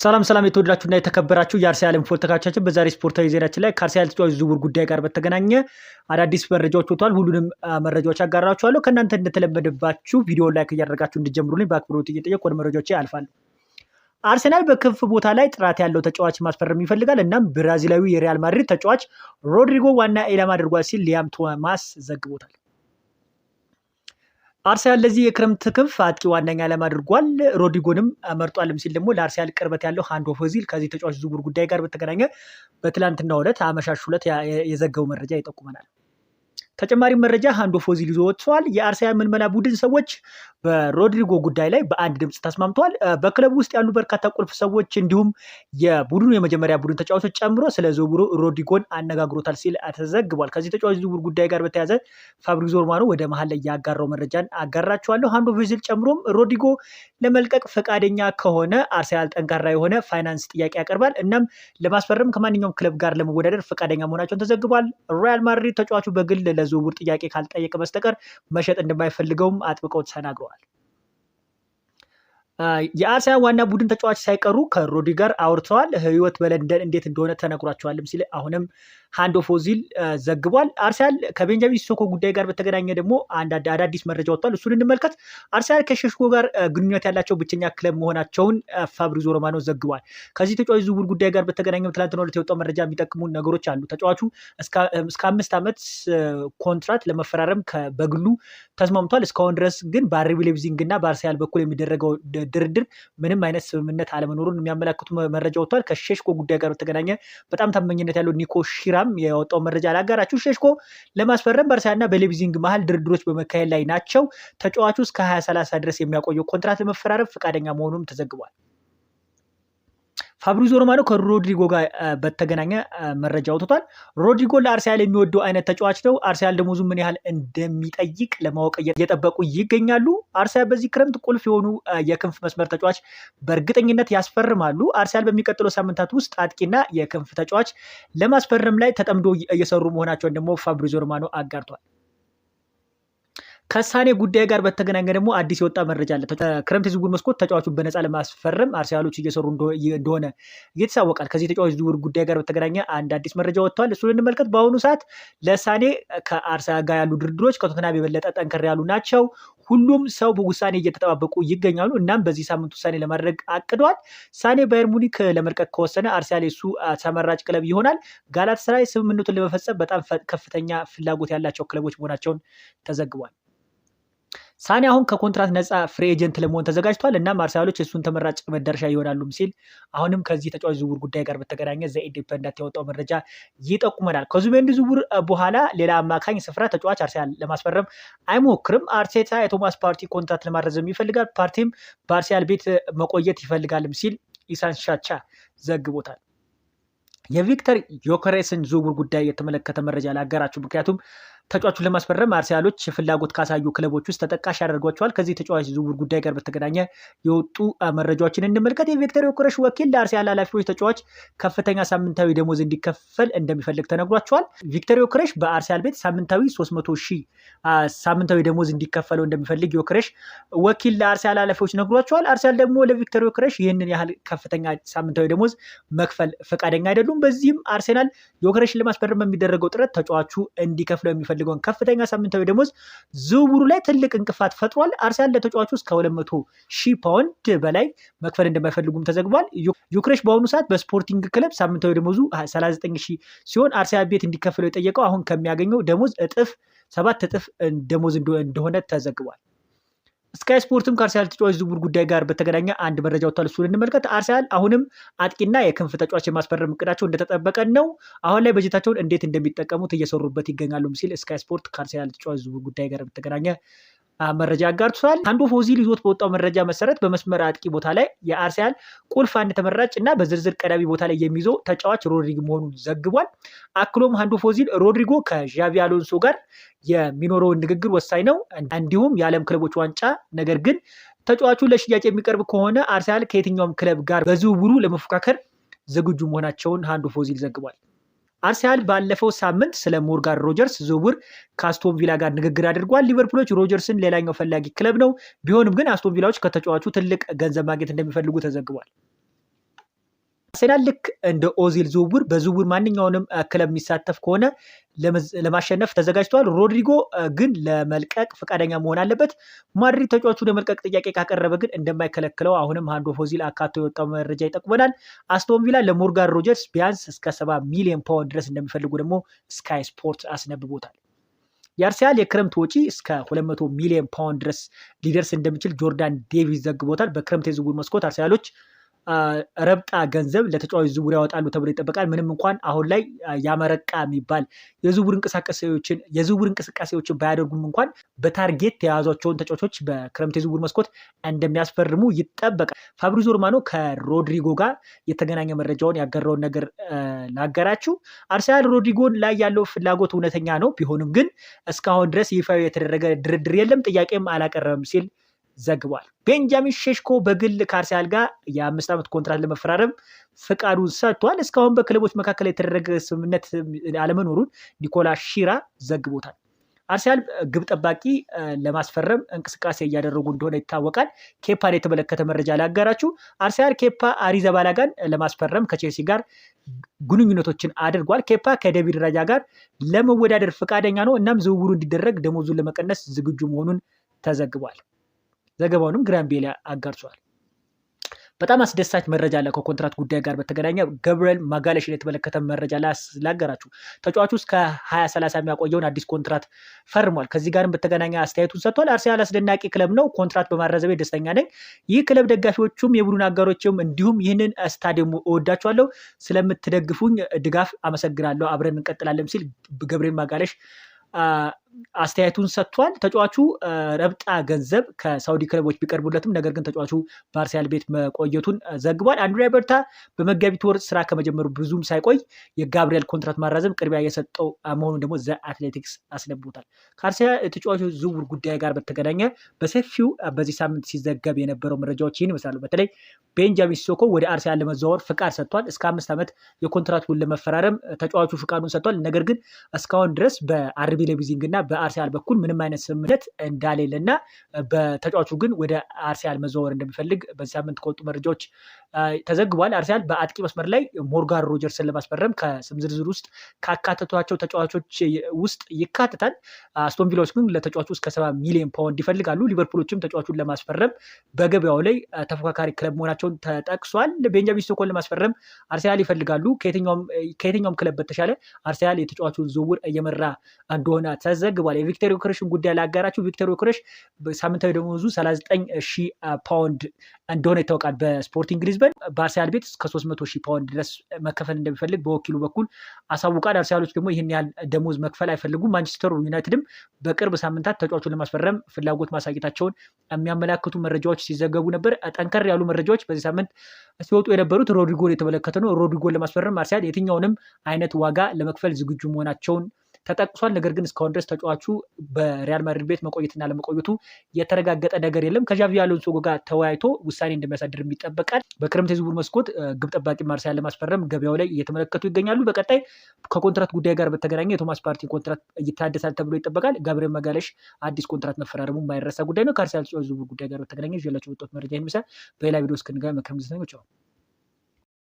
ሰላም ሰላም እና የተከበራችሁ የአርሰናል ኢንፎ ተከታታዮቻችን፣ በዛሬ ስፖርታዊ ዜናችን ላይ ከአርሰናል ተጫዋች ዝውውር ጉዳይ ጋር በተገናኘ አዳዲስ መረጃዎች ወጥተዋል። ሁሉንም መረጃዎች አጋራችኋለሁ። ከእናንተ እንደተለመደባችሁ ቪዲዮ ላይክ እያደረጋችሁ እንድጀምሩልኝ በአክብሮት እየጠየቅ ወደ መረጃዎች ያልፋሉ። አርሴናል በክፍ ቦታ ላይ ጥራት ያለው ተጫዋች ማስፈረም ይፈልጋል። እናም ብራዚላዊ የሪያል ማድሪድ ተጫዋች ሮድሪጎ ዋና ኢላማ አድርጓል ሲል ሊያም ቶማስ ዘግቦታል። አርሰናል ለዚህ የክረምት ክንፍ አጥቂ ዋነኛ ዓላማ አድርጓል። ሮድሪጎንም መርጧልም ሲል ደግሞ ለአርሰናል ቅርበት ያለው ሃንድ ኦፍ ኦዚል ከዚህ ተጫዋች ዝውውር ጉዳይ ጋር በተገናኘ በትላንትናው ዕለት አመሻሹ ዕለት የዘገበው መረጃ ይጠቁመናል። ተጨማሪ መረጃ አንዶ ፎዚል ይዞ ወጥቷል። የአርሰናል ምልመላ ቡድን ሰዎች በሮድሪጎ ጉዳይ ላይ በአንድ ድምፅ ተስማምተዋል። በክለቡ ውስጥ ያሉ በርካታ ቁልፍ ሰዎች እንዲሁም የቡድኑ የመጀመሪያ ቡድን ተጫዋቾች ጨምሮ ስለ ዝውውሩ ሮድሪጎን አነጋግሮታል ሲል ተዘግቧል። ከዚህ ተጫዋች ዝውውር ጉዳይ ጋር በተያዘ ፋብሪክ ዞርማኖ ወደ መሀል ላይ ያጋራው መረጃን አጋራችኋለሁ። አንዶ ፎዚል ጨምሮም ሮድሪጎ ለመልቀቅ ፈቃደኛ ከሆነ አርሰናል ጠንካራ የሆነ ፋይናንስ ጥያቄ ያቀርባል። እናም ለማስፈረም ከማንኛውም ክለብ ጋር ለመወዳደር ፈቃደኛ መሆናቸውን ተዘግቧል። ሪያል ማድሪድ ተጫዋቹ በግል ለዝውውር ጥያቄ ካልጠየቀ በስተቀር መሸጥ እንደማይፈልገውም አጥብቀው ተናግረዋል። የአርሰናል ዋና ቡድን ተጫዋች ሳይቀሩ ከሮዲ ጋር አውርተዋል። ህይወት በለንደን እንዴት እንደሆነ ተነግሯቸዋልም ሲል አሁንም ሃንዶ ፎዚል ዘግቧል። አርሰናል ከቤንጃሚን ሲሶኮ ጉዳይ ጋር በተገናኘ ደግሞ አንዳንድ አዳዲስ መረጃ ወጥቷል። እሱን እንመልከት። አርሰናል ከሸሽኮ ጋር ግንኙነት ያላቸው ብቸኛ ክለብ መሆናቸውን ፋብሪዞ ሮማኖ ዘግቧል። ከዚህ ተጫዋች ዝውውር ጉዳይ ጋር በተገናኘ ትላንትና ዕለት የወጣው መረጃ የሚጠቅሙ ነገሮች አሉ። ተጫዋቹ እስከ አምስት ዓመት ኮንትራት ለመፈራረም በግሉ ተስማምቷል። እስካሁን ድረስ ግን በአርቢ ሌቪዚንግ እና በአርሰናል በኩል የሚደረገው ድርድር ምንም አይነት ስምምነት አለመኖሩን የሚያመላክቱ መረጃ ወጥቷል። ከሼሽኮ ጉዳይ ጋር በተገናኘ በጣም ታማኝነት ያለው ኒኮ ሺራም የወጣው መረጃ አላጋራችሁ። ሼሽኮ ለማስፈረም በአርሰናልና በሌቪዚንግ መሀል ድርድሮች በመካሄድ ላይ ናቸው። ተጫዋቹ እስከ 2030 ድረስ የሚያቆየው ኮንትራት ለመፈራረም ፈቃደኛ መሆኑም ተዘግቧል። ፋብሪዞ ሮማኖ ከሮድሪጎ ጋር በተገናኘ መረጃ አውጥቷል። ሮድሪጎ ለአርሰናል የሚወደው አይነት ተጫዋች ነው። አርሰናል ደሞዙ ምን ያህል እንደሚጠይቅ ለማወቅ እየጠበቁ ይገኛሉ። አርሰናል በዚህ ክረምት ቁልፍ የሆኑ የክንፍ መስመር ተጫዋች በእርግጠኝነት ያስፈርማሉ። አርሰናል በሚቀጥለው ሳምንታት ውስጥ አጥቂና የክንፍ ተጫዋች ለማስፈረም ላይ ተጠምዶ እየሰሩ መሆናቸውን ደግሞ ፋብሪዞ ሮማኖ አጋርቷል። ከሳኔ ጉዳይ ጋር በተገናኘ ደግሞ አዲስ የወጣ መረጃ አለ። ክረምት ዝውውር መስኮት ተጫዋቹን በነፃ ለማስፈረም አርሰናሎች እየሰሩ እንደሆነ እየተሳወቃል። ከዚህ ተጫዋች ዝውውር ጉዳይ ጋር በተገናኘ አንድ አዲስ መረጃ ወጥተዋል። እሱ ልንመልከት። በአሁኑ ሰዓት ለሳኔ ከአርሰናል ጋር ያሉ ድርድሮች ከቶተናም የበለጠ ጠንከር ያሉ ናቸው። ሁሉም ሰው ውሳኔ እየተጠባበቁ ይገኛሉ። እናም በዚህ ሳምንት ውሳኔ ለማድረግ አቅደዋል። ሳኔ ባየር ሙኒክ ለመልቀቅ ከወሰነ አርሰናል የሱ ተመራጭ ክለብ ይሆናል። ጋላታሳራይ ስምምነቱን ለመፈጸም በጣም ከፍተኛ ፍላጎት ያላቸው ክለቦች መሆናቸውን ተዘግቧል። ሳኔ አሁን ከኮንትራት ነፃ ፍሪ ኤጀንት ለመሆን ተዘጋጅቷል። እና አርሰናሎች የእሱን ተመራጭ መዳረሻ ይሆናሉም ሲል አሁንም ከዚህ ተጫዋች ዝውውር ጉዳይ ጋር በተገናኘ ዘ ያወጣው መረጃ ይጠቁመናል። ከዙቤንዲ ዝውውር በኋላ ሌላ አማካኝ ስፍራ ተጫዋች አርሰናል ለማስፈረም አይሞክርም። አርቴታ የቶማስ ፓርቲ ኮንትራት ለማረዘም ይፈልጋል። ፓርቲም በአርሰናል ቤት መቆየት ይፈልጋልም ሲል ኢሳን ሻቻ ዘግቦታል። የቪክተር ዮከሬስን ዝውውር ጉዳይ የተመለከተ መረጃ ላገራችሁ ምክንያቱም ተጫዋቹን ለማስፈረም አርሰናሎች ፍላጎት ካሳዩ ክለቦች ውስጥ ተጠቃሽ ያደርጓቸዋል። ከዚህ ተጫዋች ዝውውር ጉዳይ ጋር በተገናኘ የወጡ መረጃዎችን እንመልከት። የቪክተር ዮከረስ ወኪል ለአርሰናል ኃላፊዎች ተጫዋች ከፍተኛ ሳምንታዊ ደሞዝ እንዲከፈል እንደሚፈልግ ተነግሯቸዋል። ቪክተር ዮከረስ በአርሰናል ቤት ሳምንታዊ 300 ሺህ ሳምንታዊ ደሞዝ እንዲከፈለው እንደሚፈልግ ዮከረስ ወኪል ለአርሰናል ኃላፊዎች ነግሯቸዋል። አርሰናል ደግሞ ለቪክተር ዮከረስ ይህንን ያህል ከፍተኛ ሳምንታዊ ደሞዝ መክፈል ፈቃደኛ አይደሉም። በዚህም አርሰናል ዮከረስን ለማስፈረም የሚደረገው ጥረት ተጫዋቹ እንዲከፍለው የሚፈልግ የሚፈልገውን ከፍተኛ ሳምንታዊ ደሞዝ ዝውውሩ ላይ ትልቅ እንቅፋት ፈጥሯል። አርሰናል ለተጫዋቹ እስከ 200 ሺህ ፓውንድ በላይ መክፈል እንደማይፈልጉም ተዘግቧል። ዩክሬሽ በአሁኑ ሰዓት በስፖርቲንግ ክለብ ሳምንታዊ ደሞዙ 39 ሺህ ሲሆን አርሰናል ቤት እንዲከፍለው የጠየቀው አሁን ከሚያገኘው ደሞዝ እጥፍ ሰባት እጥፍ ደሞዝ እንደሆነ ተዘግቧል። ስካይ ስፖርትም ከአርሰናል ተጫዋች ዝውውር ጉዳይ ጋር በተገናኘ አንድ መረጃ ወጥቷል። እሱን እንመልከት። አርሰናል አሁንም አጥቂና የክንፍ ተጫዋች የማስፈረም እቅዳቸው እንደተጠበቀ ነው። አሁን ላይ በጀታቸውን እንዴት እንደሚጠቀሙት እየሰሩበት ይገኛሉም ሲል ስካይ ስፖርት ከአርሰናል ተጫዋች ዝውውር ጉዳይ ጋር በተገናኘ መረጃ አጋርቶታል። አንዱ ፎዚ ይዞት በወጣው መረጃ መሰረት በመስመር አጥቂ ቦታ ላይ የአርሰናል ቁልፍ አንድ ተመራጭ እና በዝርዝር ቀዳሚ ቦታ ላይ የሚይዘው ተጫዋች ሮድሪግ መሆኑን ዘግቧል። አክሎም አንዱ ፎዚል ሮድሪጎ ከዣቪ አሎንሶ ጋር የሚኖረውን ንግግር ወሳኝ ነው፣ እንዲሁም የዓለም ክለቦች ዋንጫ ነገር ግን ተጫዋቹ ለሽያጭ የሚቀርብ ከሆነ አርሰናል ከየትኛውም ክለብ ጋር በዝውውሩ ለመፎካከር ዝግጁ መሆናቸውን አንዱ ፎዚል ዘግቧል። አርሰናል ባለፈው ሳምንት ስለ ሞርጋን ሮጀርስ ዝውውር ከአስቶን ቪላ ጋር ንግግር አድርጓል። ሊቨርፑሎች ሮጀርስን ሌላኛው ፈላጊ ክለብ ነው። ቢሆንም ግን አስቶን ቪላዎች ከተጫዋቹ ትልቅ ገንዘብ ማግኘት እንደሚፈልጉ ተዘግቧል። አርሰናል ልክ እንደ ኦዚል ዝውውር በዝውውር ማንኛውንም ክለብ የሚሳተፍ ከሆነ ለማሸነፍ ተዘጋጅተዋል። ሮድሪጎ ግን ለመልቀቅ ፈቃደኛ መሆን አለበት። ማድሪድ ተጫዋቹን የመልቀቅ ጥያቄ ካቀረበ ግን እንደማይከለክለው አሁንም ሃንድ ፎዚል አካቶ የወጣው መረጃ ይጠቁመናል። አስቶን ቪላ ለሞርጋን ሮጀርስ ቢያንስ እስከ ሰባ ሚሊዮን ፓውንድ ድረስ እንደሚፈልጉ ደግሞ ስካይ ስፖርት አስነብቦታል። የአርሰናል የክረምት ወጪ እስከ 200 ሚሊዮን ፓውንድ ድረስ ሊደርስ እንደሚችል ጆርዳን ዴቪስ ዘግቦታል። በክረምት የዝውውር መስኮት አርሰናሎች ረብጣ ገንዘብ ለተጫዋች ዝውውር ያወጣሉ ተብሎ ይጠበቃል። ምንም እንኳን አሁን ላይ ያመረቃ የሚባል የዝውውር እንቅስቃሴዎችን የዝውውር እንቅስቃሴዎችን ባያደርጉም እንኳን በታርጌት የያዟቸውን ተጫዋቾች በክረምት የዝውውር መስኮት እንደሚያስፈርሙ ይጠበቃል። ፋብሪዞ ሮማኖ ከሮድሪጎ ጋር የተገናኘ መረጃውን ያገረውን ነገር ላገራችሁ። አርሰናል ሮድሪጎን ላይ ያለው ፍላጎት እውነተኛ ነው፣ ቢሆንም ግን እስካሁን ድረስ ይፋዊ የተደረገ ድርድር የለም፣ ጥያቄም አላቀረበም ሲል ዘግቧል። ቤንጃሚን ሼሽኮ በግል ከአርሰናል ጋር የአምስት ዓመት ኮንትራት ለመፈራረም ፍቃዱን ሰጥቷል። እስካሁን በክለቦች መካከል የተደረገ ስምምነት አለመኖሩን ኒኮላ ሺራ ዘግቦታል። አርሰናል ግብ ጠባቂ ለማስፈረም እንቅስቃሴ እያደረጉ እንደሆነ ይታወቃል። ኬፓን የተመለከተ መረጃ ላጋራችሁ። አርሰናል ኬፓ አሪዛባላጋን ለማስፈረም ከቼልሲ ጋር ግንኙነቶችን አድርጓል። ኬፓ ከዴቪድ ራያ ጋር ለመወዳደር ፈቃደኛ ነው። እናም ዝውውሩ እንዲደረግ ደሞዙን ለመቀነስ ዝግጁ መሆኑን ተዘግቧል። ዘገባውንም ቤል አጋርቷል። በጣም አስደሳች መረጃ አለ። ከኮንትራት ጉዳይ ጋር በተገናኘ ገብርኤል ማጋለሽን የተመለከተ መረጃ ላገራችሁ። ተጫዋቹ እስከ ሰላሳ የሚያቆየውን አዲስ ኮንትራት ፈርሟል። ከዚህ ጋርም በተገናኘ አስተያየቱን ሰጥቷል። አርሰናል አስደናቂ ክለብ ነው። ኮንትራት በማረዘቤ ደስተኛ ነኝ። ይህ ክለብ ደጋፊዎቹም፣ የቡድን አጋሮችም እንዲሁም ይህንን ስታዲየሙ እወዳችኋለሁ። ስለምትደግፉኝ ድጋፍ አመሰግናለሁ። አብረን እንቀጥላለን ሲል ገብርኤል ማጋለሽ አስተያየቱን ሰጥቷል። ተጫዋቹ ረብጣ ገንዘብ ከሳውዲ ክለቦች ቢቀርቡለትም ነገር ግን ተጫዋቹ ባርሲያል ቤት መቆየቱን ዘግቧል። አንድሪያ በርታ በመጋቢት ወር ስራ ከመጀመሩ ብዙም ሳይቆይ የጋብሪያል ኮንትራት ማራዘም ቅድሚያ የሰጠው መሆኑን ደግሞ ዘ አትሌቲክስ አስነብቦታል። ከአርሲያ ተጫዋቹ ዝውውር ጉዳይ ጋር በተገናኘ በሰፊው በዚህ ሳምንት ሲዘገብ የነበረው መረጃዎች ይህን ይመስላሉ። በተለይ ቤንጃሚን ሲሶኮ ወደ አርሰናል ለመዘዋወር ፍቃድ ሰጥቷል። እስከ አምስት ዓመት የኮንትራት ውል ለመፈራረም ተጫዋቹ ፍቃዱን ሰጥቷል። ነገር ግን እስካሁን ድረስ በአርቢ ለቢዚንግ እና በአርሲያል በኩል ምንም አይነት ስምምነት እንዳሌለና በተጫዋቹ ግን ወደ አርሲያል መዘዋወር እንደሚፈልግ በዚህ ሳምንት ከወጡ መረጃዎች ተዘግቧል። አርሲያል በአጥቂ መስመር ላይ ሞርጋን ሮጀርስን ለማስፈረም ከስም ዝርዝር ውስጥ ካካተቷቸው ተጫዋቾች ውስጥ ይካተታል። አስቶን ቪላዎች ግን ለተጫዋቹ እስከ ሰባ ሚሊዮን ፓውንድ ይፈልጋሉ። ሊቨርፑሎችም ተጫዋቹን ለማስፈረም በገበያው ላይ ተፎካካሪ ክለብ መሆናቸውን ተጠቅሷል። ቤንጃሚን ስቶኮን ለማስፈረም አርሲያል ይፈልጋሉ። ከየትኛውም ክለብ በተሻለ አርሲያል የተጫዋቹን ዝውውር እየመራ እንደሆነ ተዘ ተዘግቧል። የቪክተር ዮከረስን ጉዳይ ላጋራችሁ። ቪክተር ዮከረስ ሳምንታዊ ደሞዙ 39 ሺህ ፓውንድ እንደሆነ ይታወቃል። በስፖርቲንግ ሊዝበን በአርሰናል ቤት እስከ 300 ሺህ ፓውንድ ድረስ መከፈል እንደሚፈልግ በወኪሉ በኩል አሳውቃል። አርሰናሎች ደግሞ ይህን ያህል ደሞዝ መክፈል አይፈልጉም። ማንቸስተር ዩናይትድም በቅርብ ሳምንታት ተጫዋቹን ለማስፈረም ፍላጎት ማሳየታቸውን የሚያመላክቱ መረጃዎች ሲዘገቡ ነበር። ጠንከር ያሉ መረጃዎች በዚህ ሳምንት ሲወጡ የነበሩት ሮድሪጎን የተመለከተ ነው። ሮድሪጎን ለማስፈረም አርሰናል የትኛውንም አይነት ዋጋ ለመክፈል ዝግጁ መሆናቸውን ተጠቅሷል። ነገር ግን እስካሁን ድረስ ተጫዋቹ በሪያል ማድሪድ ቤት መቆየትና ለመቆየቱ የተረጋገጠ ነገር የለም። ከዣቪ አሎንሶ ጋር ተወያይቶ ውሳኔ እንደሚያሳድር ይጠበቃል። በክረምት የዝውውር መስኮት ግብ ጠባቂ ማርሲያል ለማስፈረም ገበያው ላይ እየተመለከቱ ይገኛሉ። በቀጣይ ከኮንትራት ጉዳይ ጋር በተገናኘ የቶማስ ፓርቲ ኮንትራት ይታደሳል ተብሎ ይጠበቃል። ጋብሪኤል መጋለሽ አዲስ ኮንትራት መፈራረሙ የማይረሳ ጉዳይ ነው። ከአርሰናል ዝውውር ጉዳይ ጋር በተገናኘ ላቸው ወጣት መረጃ ይህን ይመስላል። በሌላ ቪዲዮ እስክንገናኝ መልካም ጊዜ ነው።